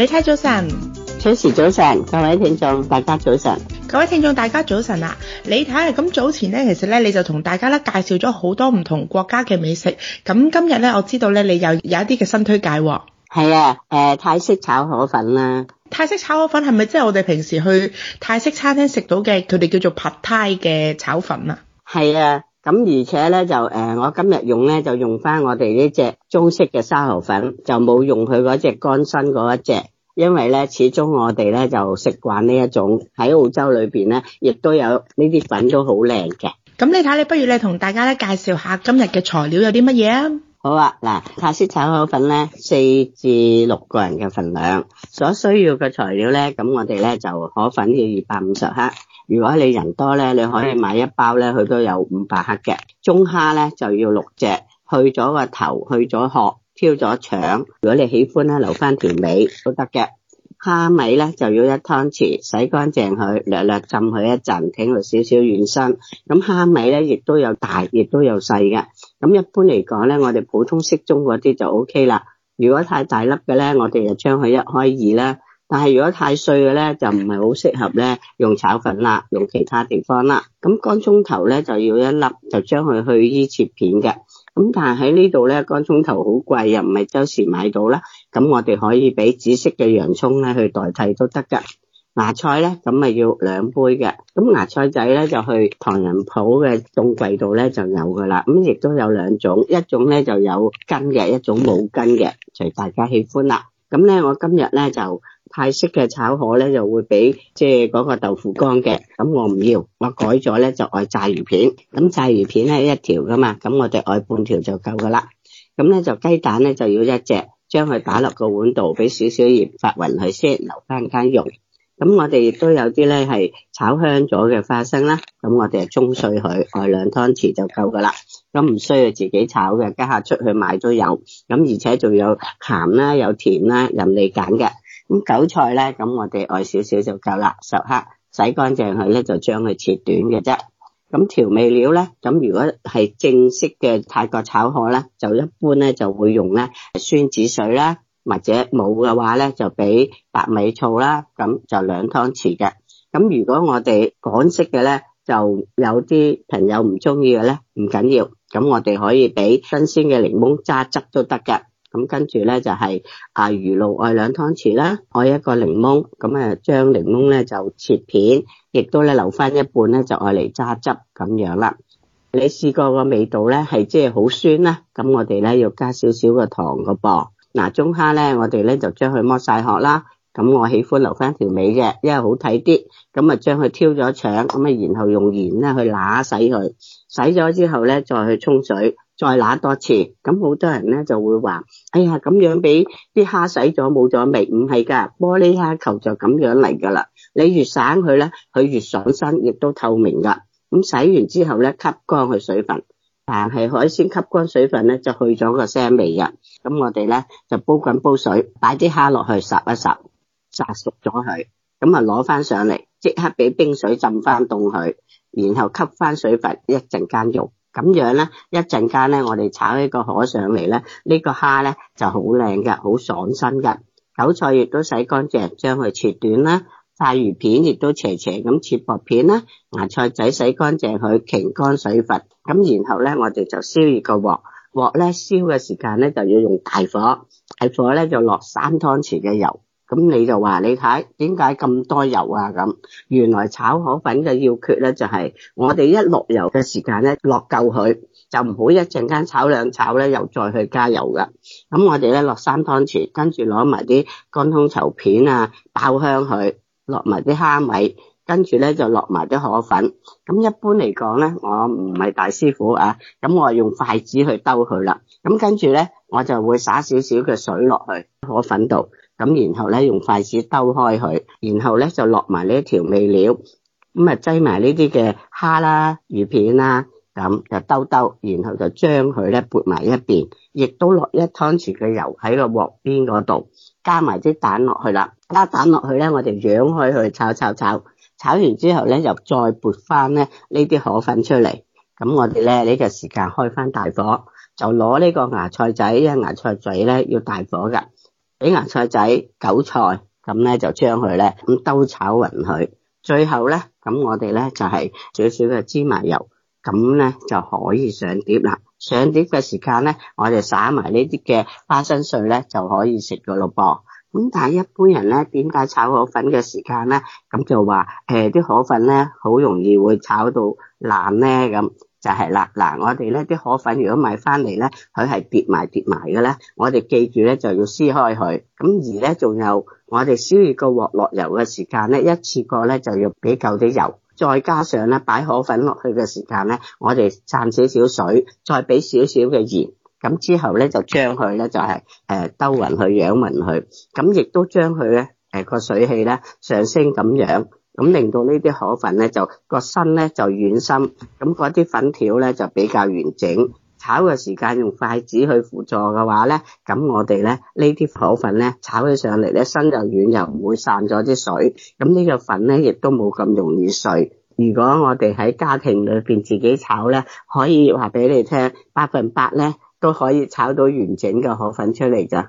你睇早晨，早晨早晨，各位聽眾大家早晨，各位聽眾大家早晨啊。你睇下咁早前咧，其實咧你就同大家咧介紹咗好多唔同國家嘅美食。咁今日咧，我知道咧你又有，有一啲嘅新推介喎、哦。係啊，誒、呃，泰式炒河粉啦、啊。泰式炒河粉係咪即係我哋平時去泰式餐廳食到嘅，佢哋叫做 Pad Thai 嘅炒粉啊？係啊。咁而且咧就誒、呃，我今日用咧就用翻我哋呢隻中式嘅沙河粉，就冇用佢嗰隻乾身嗰一隻，因為咧始終我哋咧就食慣呢一種喺澳洲裏邊咧，亦都有呢啲粉都好靚嘅。咁你睇，你不如你同大家咧介紹下今日嘅材料有啲乜嘢啊？好啊，嗱，泰式炒河粉咧，四至六個人嘅份量，所需要嘅材料咧，咁我哋咧就河粉要二百五十克，如果你人多咧，你可以買一包咧，佢都有五百克嘅，中蝦咧就要六隻，去咗個頭，去咗殼，挑咗腸，如果你喜歡咧，留翻條尾都得嘅。蝦米咧就要一湯匙，洗乾淨佢，略略浸佢一陣，整佢少少軟身。咁蝦米咧亦都有大，亦都有細嘅。咁一般嚟講咧，我哋普通適中嗰啲就 OK 啦。如果太大粒嘅咧，我哋就將佢一開二啦。但係如果太碎嘅咧，就唔係好適合咧用炒粉啦，用其他地方啦。咁乾葱頭咧就要一粒，就將佢去衣切片嘅。咁但係喺呢度咧，乾蔥頭好貴，又唔係周時買到啦。咁我哋可以俾紫色嘅洋葱咧去代替都得㗎。芽菜咧，咁咪要兩杯嘅。咁芽菜仔咧就去唐人鋪嘅冬季度咧就有㗎啦。咁亦都有兩種，一種咧就有根嘅，一種冇根嘅，隨大家喜歡啦。咁咧，我今日咧就。泰式嘅炒河咧，就會畀即係嗰、那個豆腐乾嘅，咁我唔要，我改咗咧就愛炸魚片，咁炸魚片咧一條噶嘛，咁我哋愛半條就夠噶啦。咁咧就雞蛋咧就要一隻，將佢打落個碗度，俾少少鹽發勻佢先，留翻間肉。咁我哋亦都有啲咧係炒香咗嘅花生啦，咁我哋係中碎佢，愛兩湯匙就夠噶啦。咁唔需要自己炒嘅，家下出去買都有，咁而且仲有鹹啦、啊，有甜啦、啊，任你揀嘅。咁韭菜咧，咁我哋愛少少就夠啦，十克，洗乾淨佢咧就將佢切短嘅啫。咁調味料咧，咁如果係正式嘅泰國炒河咧，就一般咧就會用咧酸子水啦，或者冇嘅話咧就俾白米醋啦，咁就兩湯匙嘅。咁如果我哋港式嘅咧，就有啲朋友唔中意嘅咧，唔緊要，咁我哋可以俾新鮮嘅檸檬榨汁都得嘅。咁跟住咧就係啊魚露愛兩湯匙啦，愛一個檸檬，咁誒將檸檬咧就切片，亦都咧留翻一半咧就愛嚟揸汁咁樣啦。你試過個味道咧係即係好酸啦，咁我哋咧要加少少個糖個噃。嗱，中蝦咧我哋咧就將佢剝晒殼啦，咁我喜歡留翻條尾嘅，因為好睇啲。咁啊將佢挑咗腸，咁啊然後用鹽咧去乸洗佢，洗咗之後咧再去沖水。再攞多次，咁好多人咧就會話，哎呀，咁樣俾啲蝦洗咗冇咗味，唔係㗎，玻璃蝦球就咁樣嚟㗎啦。你越省佢咧，佢越爽身，亦都透明㗎。咁洗完之後咧，吸乾佢水分，但係海鮮吸乾水分咧就去咗個腥味㗎。咁我哋咧就煲緊煲水，擺啲蝦落去烚一烚，烚熟咗佢，咁啊攞翻上嚟，即刻俾冰水浸翻凍佢，然後吸翻水分一陣間用。咁樣咧，一陣間咧，我哋炒一個河上嚟咧，呢、這個蝦咧就好靚噶，好爽身噶。韭菜亦都洗乾淨，將佢切短啦。大魚片亦都斜斜咁切薄片啦。芽菜仔洗乾淨佢，晾乾水份。咁然後咧，我哋就燒熱個鑊，鑊咧燒嘅時間咧就要用大火，大火咧就落三湯匙嘅油。咁你就話你睇點解咁多油啊？咁原來炒河粉嘅要訣咧就係我哋一落油嘅時間咧落夠佢，就唔好一陣間炒兩炒咧又再去加油㗎。咁我哋咧落三湯匙，跟住攞埋啲乾葱頭片啊，爆香佢，落埋啲蝦米，跟住咧就落埋啲河粉。咁一般嚟講咧，我唔係大師傅啊，咁我係用筷子去兜佢啦。咁跟住咧我就會灑少少嘅水落去河粉度。咁然後咧用筷子兜開佢，然後咧就落埋呢一調味料，咁啊擠埋呢啲嘅蝦啦、魚片啦，咁就兜兜，然後就將佢咧撥埋一邊，亦都落一湯匙嘅油喺個鑊邊嗰度，加埋啲蛋落去啦，加蛋落去咧，我哋揚開佢炒炒炒，炒完之後咧就再撥翻咧呢啲河粉出嚟，咁我哋咧呢個時間開翻大火，就攞呢個芽菜仔，因為芽菜仔咧要大火㗎。俾芽菜仔、韭菜，咁咧就將佢咧咁兜炒匀佢。最後咧，咁我哋咧就係少少嘅芝麻油，咁咧就可以上碟啦。上碟嘅時間咧，我哋撒埋呢啲嘅花生碎咧，就可以食噶咯噃。咁但係一般人咧，點解炒河粉嘅時間咧，咁就話誒啲河粉咧好容易會炒到爛咧咁？就係啦，嗱，我哋咧啲河粉如果買翻嚟咧，佢係跌埋跌埋嘅咧，我哋記住咧就要撕開佢。咁而咧，仲有我哋燒熱個鑊落油嘅時間咧，一次過咧就要俾夠啲油，再加上咧擺河粉落去嘅時間咧，我哋攢少少水，再俾少少嘅鹽，咁之後咧就將佢咧就係誒兜勻去揚勻去，咁、呃、亦都將佢咧誒個水氣咧上升咁樣。咁令到呢啲河粉咧就個身咧就軟身，咁嗰啲粉條咧就比較完整。炒嘅時間用筷子去輔助嘅話咧，咁我哋咧呢啲河粉咧炒起上嚟咧身就軟，又唔會散咗啲水。咁呢個粉咧亦都冇咁容易碎。如果我哋喺家庭裏邊自己炒咧，可以話俾你聽，百分百咧都可以炒到完整嘅河粉出嚟㗎。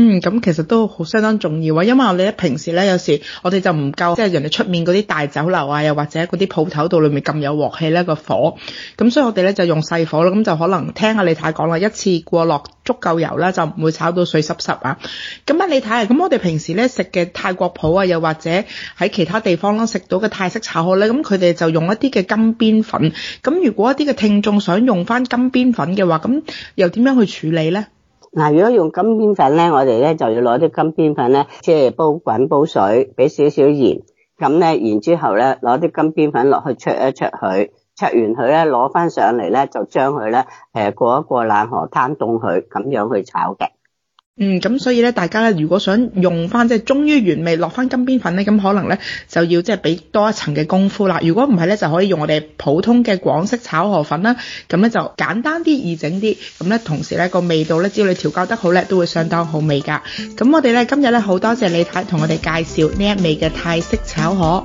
嗯，咁其實都好相當重要啊，因為我哋咧平時咧有時我哋就唔夠，即係人哋出面嗰啲大酒樓啊，又或者嗰啲鋪頭度裏面咁有鑊氣咧個火，咁所以我哋咧就用細火咯，咁就可能聽下李太講啦，一次過落足夠油啦，就唔會炒到水濕濕啊。咁啊，李太，啊，咁我哋平時咧食嘅泰國鋪啊，又或者喺其他地方咯食到嘅泰式炒河咧，咁佢哋就用一啲嘅金邊粉。咁如果一啲嘅聽眾想用翻金邊粉嘅話，咁又點樣去處理咧？嗱、啊，如果用金邊粉咧，我哋咧就要攞啲金邊粉咧，即係煲滾煲水，俾少少鹽，咁咧然之後咧，攞啲金邊粉落去焯一焯佢，焯完佢咧，攞翻上嚟咧，就將佢咧誒過一過冷河攤凍佢，咁樣去炒嘅。嗯，咁所以咧，大家咧如果想用翻即係忠於原味落翻金邊粉咧，咁可能咧就要即係俾多一層嘅功夫啦。如果唔係咧，就可以用我哋普通嘅廣式炒河粉啦。咁咧就簡單啲，易整啲。咁咧同時咧個味道咧，只要你調校得好咧，都會相當好味噶。咁我哋咧今日咧好多謝李太同我哋介紹呢一味嘅泰式炒河。